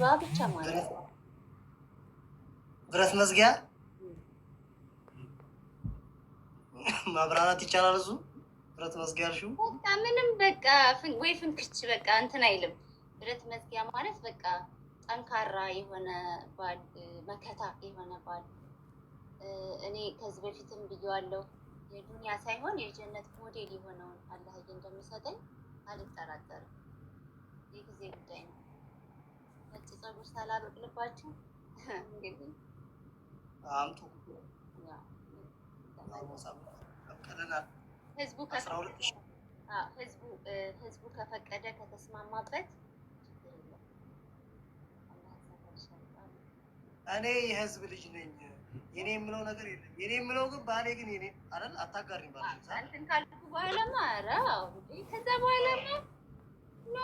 ዋ ብቻ ማለት ነው። ብረት መዝጊያ ማብራራት ይቻላል። እሱ ብረት መዝጊያ አልሽው ምንም በቃ ወይ ፍንክች በቃ እንትን አይልም። ብረት መዝጊያ ማለት በቃ ጠንካራ የሆነ ባል መከታ የሆነ ባል እኔ ከዚህ በፊትም ብየዋለሁ። የዱንያ ሳይሆን የጀነት ሞዴል የሆነውን አላህ እንደሚሰጠኝ አልጠራጠርም። የጊዜ ጉዳይ ነው። ነጭ ፀጉር ሳላበቅልባችሁ ህዝቡ ከፈቀደ ከተስማማበት እኔ የህዝብ ልጅ ነኝ። የኔ የምለው ነገር የለም። የኔ የምለው ግን ባሌ ግን የኔ አይደል። አታጋሪ ባለ ካልኩ በኋላማ ኧረ ከዛ በኋላማ ኖ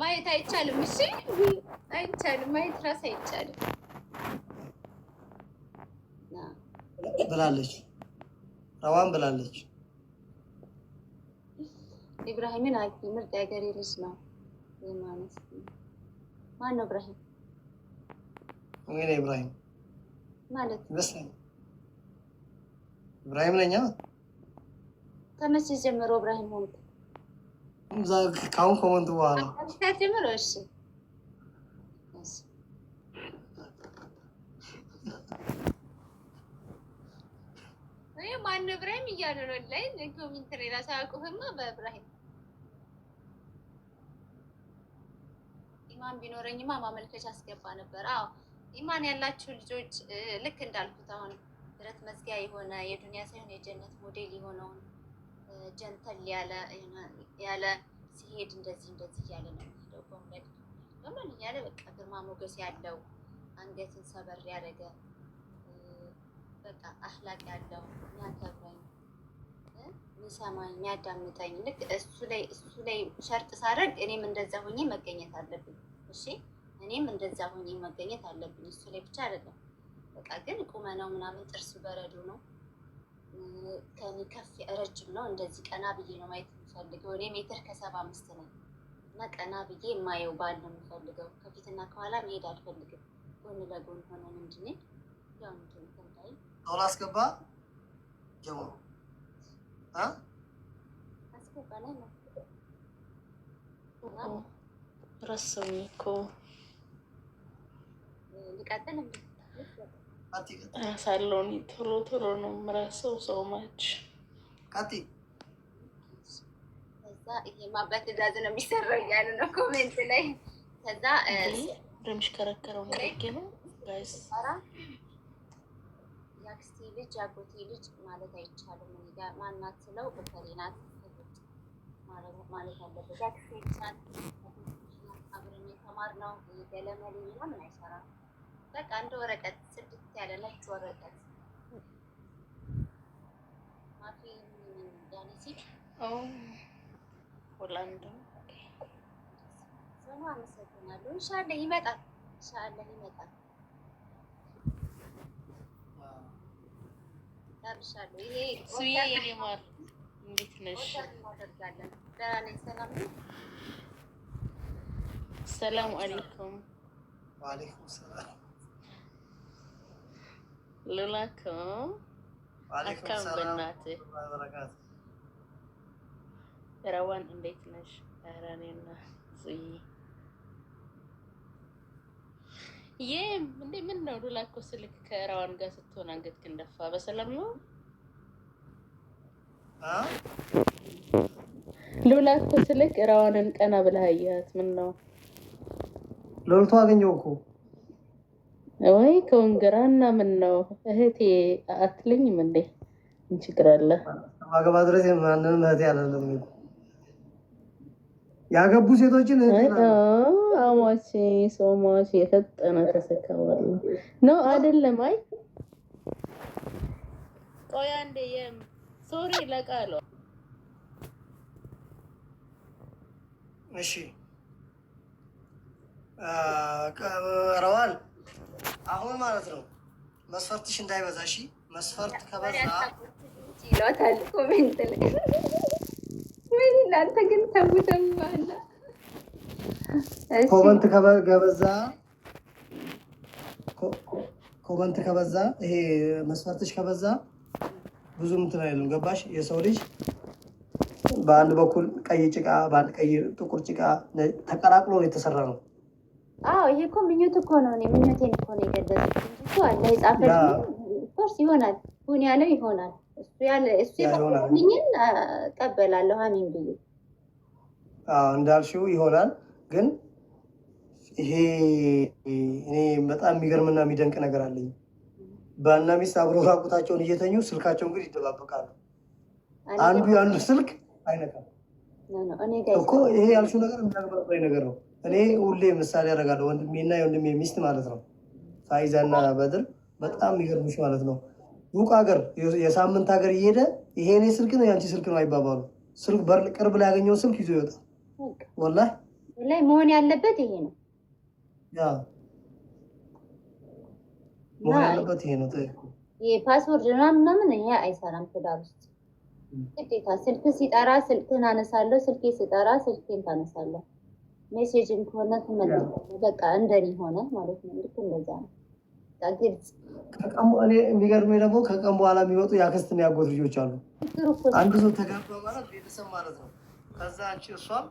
ማየት አይቻልም። እሺ አይቻልም፣ ማየት ራስ አይቻልም ብላለች፣ ረዋን ብላለች። ኢብራሂምን አግቢ፣ ምርጥ የሀገሬ ልጅ ነው። የማነስ ማን ነው ኢብራሂም? እንግዲህ ማለት ይመስለኛል። ኢብራሂም ነኛ ከመቼ ጀምሮ ኢብራሂም ሆንክ? ካሁን ከመንት በኋላ ጀምሮ እሺ ማነው ብራሂም እያሉ ነው ላይ ኮሚንት ሌላ ሳያውቁህማ በብራሂም ኢማን ቢኖረኝማ ማመልከቻ አስገባ ነበር። አዎ ኢማን ያላችሁ ልጆች ልክ እንዳልኩት አሁን ብረት መዝጊያ የሆነ የዱንያ ሳይሆን የጀነት ሞዴል የሆነውን ጀንተል ያለ ሲሄድ እንደዚህ እንደዚህ እያለ ነው የሚሄደው። ጎምለድ ጎምለድ እያለ በቃ ግርማ ሞገስ ያለው አንገትን ሰበር ያደረገ በቃ አህላቅ ያለው የሚያከብረኝ የሚሰማኝ የሚያዳምጠኝ ልክ እሱ ላይ እሱ ላይ ሸርጥ ሳደርግ እኔም እንደዛ ሆኜ መገኘት አለብኝ። እሺ እኔም እንደዛ ሆኜ መገኘት አለብኝ። እሱ ላይ ብቻ አይደለም በቃ ግን ቁመናው ምናምን ጥርስ በረዶ ነው። እኔ ከፍ ረጅም ነው። እንደዚህ ቀና ብዬ ነው ማየት የምፈልገው። እኔ ሜትር ከሰባ አምስት ነኝ እና ቀና ብዬ የማየው ባል ነው የምፈልገው። ከፊትና ከኋላ መሄድ አልፈልግም። ጎን ለጎን ሆነ ምንድን ነው ያው እንትን ተንታይ አሁን አስገባ ጀምሮ አስገባ ላይ ነው ረሰኝ እኮ ልቀጥል ሳለውን ቶሎ ቶሎ ነው ምረሰው ሰው ማች ቀጥይ። ከዛ ይሄማ በትዕዛዝ ነው የሚሰራው እያሉ ነው ኮሜንት ላይ። ከዛ የሚሽከረከረው ነው ጋይስ። የአክስቴ ልጅ የአጎቴ ልጅ ማለት አይቻልም። ማናት ስለው ናት ማለት አለበት። የአክስቴ ልጅ ናት፣ አብረን የተማርነው ገለመሌ ምናምን አይሰራም። በቃ አንድ ወረቀት ስድስት ያለ ነች ወረቀት ማፊ organizing. Oh, Orlando. Okay. ሰማ አመሰግናለሁ። ኢንሻአላህ ይመጣል። ኢንሻአላህ ይመጣል። ዳርሻለሁ። ይሄ ሱዬ የኔ ማር እንዴት ነሽ? ደህና ነኝ። ሰላም ነኝ። ሰላም አለይኩም። ወአለይኩም ሰላም። ሉላኮ አካም በእናትህ ረዋን እንዴት ነሽ? ኧረ እኔና ይሄ እንዴ ምን ነው ዱላ እኮ ስልክ ከራዋን ጋር ስትሆን አንገት ደፋ። በሰላም ነው ሉላ እኮ ስልክ ራዋንን ቀና ብለህ አየሃት። ምን ነው ሎልቶ አገኘው እኮ ወይ ከወንገራና ምን ነው እህቴ አትልኝም እንዴ? ምን ችግር አለ? ማገባ ድረስ ማንንም እህቴ አላለም። ያገቡ ሴቶችን አሟች ሶማች የፈጠነ ተሰካዋል ነው አይደለም? አይ ቆይ አንዴ የም ሶሪ ለቃሉ እሺ ረዋል አሁን ማለት ነው መስፈርትሽ እንዳይበዛ እሺ መስፈርት ከበዛ ይሏታል ኮሜንት ላይ ወይ እናንተ ግን ኮመንት ከበዛ ኮመንት ከበዛ ይሄ መስፈርትሽ ከበዛ ብዙ እንትን አይሉም። ገባሽ? የሰው ልጅ በአንድ በኩል ቀይ ጭቃ፣ በአንድ ቀይ ጥቁር ጭቃ ተቀላቅሎ የተሰራ ነው። አዎ ይሄ እኮ ምኞት እኮ ነው። እኔ ምኞቴን እኮ ነው የገለጽኩት አለ ኮርስ ይሆናል ሁን ያለው ይሆናል እሱ የበኩልኝን እቀበላለሁ። አሚን ብዬ እንዳልሽው ይሆናል። ግን ይሄ እኔ በጣም የሚገርምና የሚደንቅ ነገር አለኝ። ባልና ሚስት አብሮ ራቁታቸውን እየተኙ ስልካቸው ግን ይደባበቃሉ። አንዱ ስልክ አይነካም እኮ። ይሄ ያልሽው ነገር የሚያግባባኝ ነገር ነው። እኔ ሁሌ ምሳሌ አደርጋለሁ። ወንድሜና የወንድሜ ሚስት ማለት ነው። ሳይዛና በድር በጣም የሚገርምሽ ማለት ነው ሩቅ ሀገር የሳምንት ሀገር እየሄደ ይሄ እኔ ስልክ ነው የአንቺ ስልክ ነው አይባባሉ። ስልክ ቅርብ ላይ ያገኘው ስልክ ይዞ ይወጣል። ወላሂ ላይ መሆን ያለበት ይሄ ነው መሆን ያለበት ይሄ ነው። ፓስወርድ ምናምን ይሄ አይሰራም። ትዳር ውስጥ ግዴታ ስልክ ሲጠራ ስልክን አነሳለሁ፣ ስልኬ ሲጠራ ስልኬን ታነሳለሁ። ሜሴጅም ከሆነ ትመለሳለህ። በቃ እንደኔ ሆነ ማለት ነው። ልክ እንደዛ ነው። እኔ የሚገርመኝ ደግሞ ከቀን በኋላ የሚመጡ የአክስትና ያጎት ልጆች አሉ። አንድ ሰው ተጋባ ማለት ቤተሰብ ማለት ነው። ከዛ አንቺ እሷም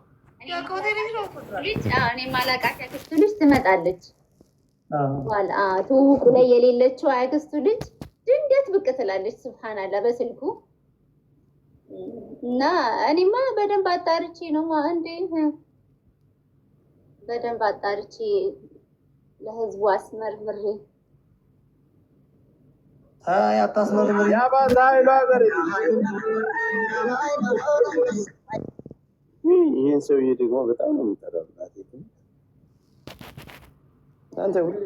እኔ ማላቃት ያክስቱ ልጅ ትመጣለች። ትውውቁ ላይ የሌለችው ያክስቱ ልጅ ድንገት ብቅ ትላለች። ስብሓናላ በስልኩ እና እኔማ በደንብ አጣርቼ ነው እንዴ በደንብ አጣርቼ ለህዝቡ አስመርምሬ አታስመርምሪ። ይህን ሰውዬ ደግሞ በጣም ነው የሚጠራው። አንተ ሁሌ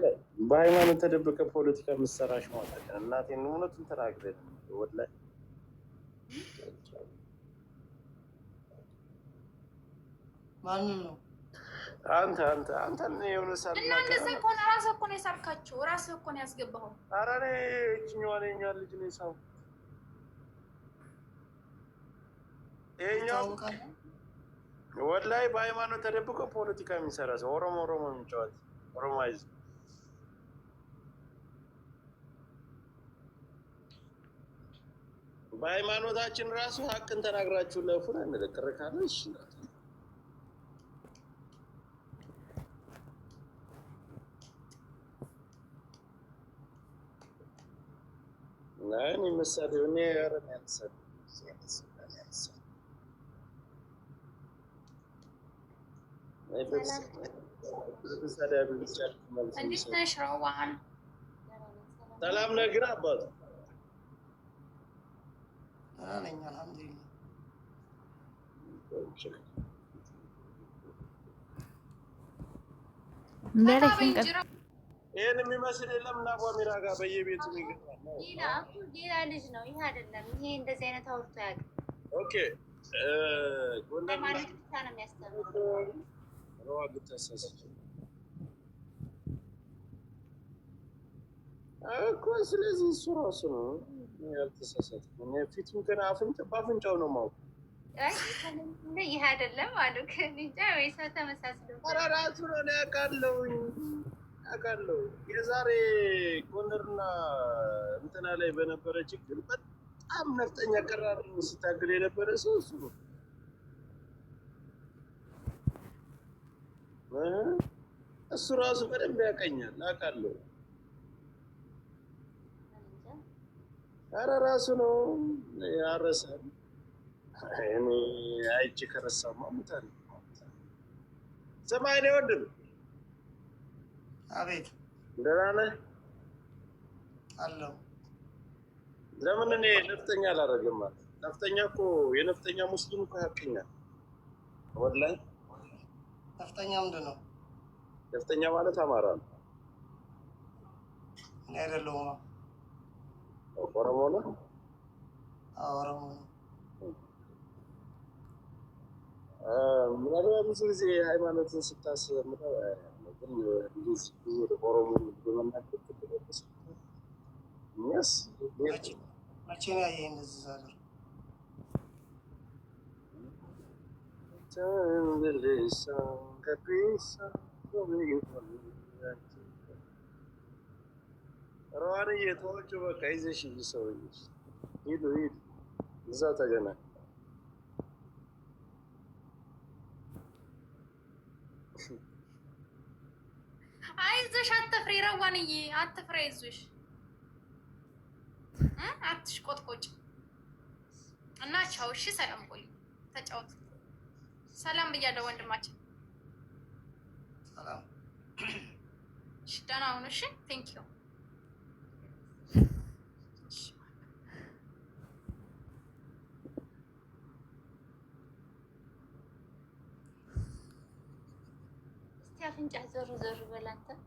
በሃይማኖት ተደበቀ ፖለቲካ የምትሰራሽ ማለት ነው። እውነቱን ተናግረን ወላሂ ማንም ነው አንተ አንተ አንተ የሆነ ሳል እና እንደዚህ ከሆነ ራስህ እኮ ነው የሳልካቸው፣ ራስህ እኮ ነው ያስገባኸው። ኧረ እኔ ይችኛዋ ነው የእኛዋን ልጅ ነው የሳው ይኸኛው ወላሂ በሃይማኖት ተደብቆ ፖለቲካ የሚሰራ ሰው ኦሮሞ ኦሮሞ የሚጫወት ኦሮማይዝ በሃይማኖታችን ራሱ ሀቅን ተናግራችሁ ለፉን እንልክርካለ ይችላል ሰላም ነግር አባቱ አልሐምዱሊላህ ይሄን የሚመስል የለም እና ቧሚራ ጋር በየቤቱ ሌላ ልጅ ነው ይሄ አይደለም። ይሄ እንደዚህ አይነት አውርቶ ያውቅ። ኦኬ እኮ ስለዚህ እሱ ራሱ ነው ያልተሳሳት። ፊቱን ግን አፍንጫ በአፍንጫው ነው ማውቅ ይህ አይደለም አሉ። ከእንጃ ወይ ሰው ተመሳስሎ ራሱ ነው ያውቃለሁኝ አውቃለሁ። የዛሬ ኮነርና እንትና ላይ በነበረ ችግር በጣም ነፍጠኛ ቀራር ስታግል የነበረ ሰው እሱ ነው። እሱ ራሱ በደንብ ያቀኛል አውቃለሁ። አረ ራሱ ነው ያረሳል። እኔ አይቼ ከረሳማ ሙታል ሰማይ ነው ወንድም አቤት ደህና ነህ? አለሁ። ለምን እኔ ነፍጠኛ አላደርግም? ማለት ነፍጠኛ እኮ የነፍጠኛ ሙስሊም እኮ ሀቀኛ ወላሂ። ነፍጠኛ ምንድን ነው? ነፍጠኛ ማለት አማራ ነው። እኔ አይደለሁም። ኦሮሞ ነው። ኦሮሞ ነው። ምናልባት ብዙ ጊዜ ሃይማኖትን ስታስብ дуже горовий кілометр подивитися. Yes, yes. Вечеря її не зараз. Тенделіса, капіса, Рвари є того чувака і зашили совість. Іду, іду. Затагана. Thank you. ይዘሽ አትፍሪ፣ ረዋንዬ አትፍሪ፣ ይዞሽ አትሽ ቆጥቆጭ እና ቻው። እሺ፣ ሰላም ቆይ፣ ተጫወቱ። ሰላም ብያለሁ ወንድማችን። እሺ፣ ደህና ሁኑ። እሺ፣ ቴንክ ዩ አፍንጫ ዞር ዞር በላንተ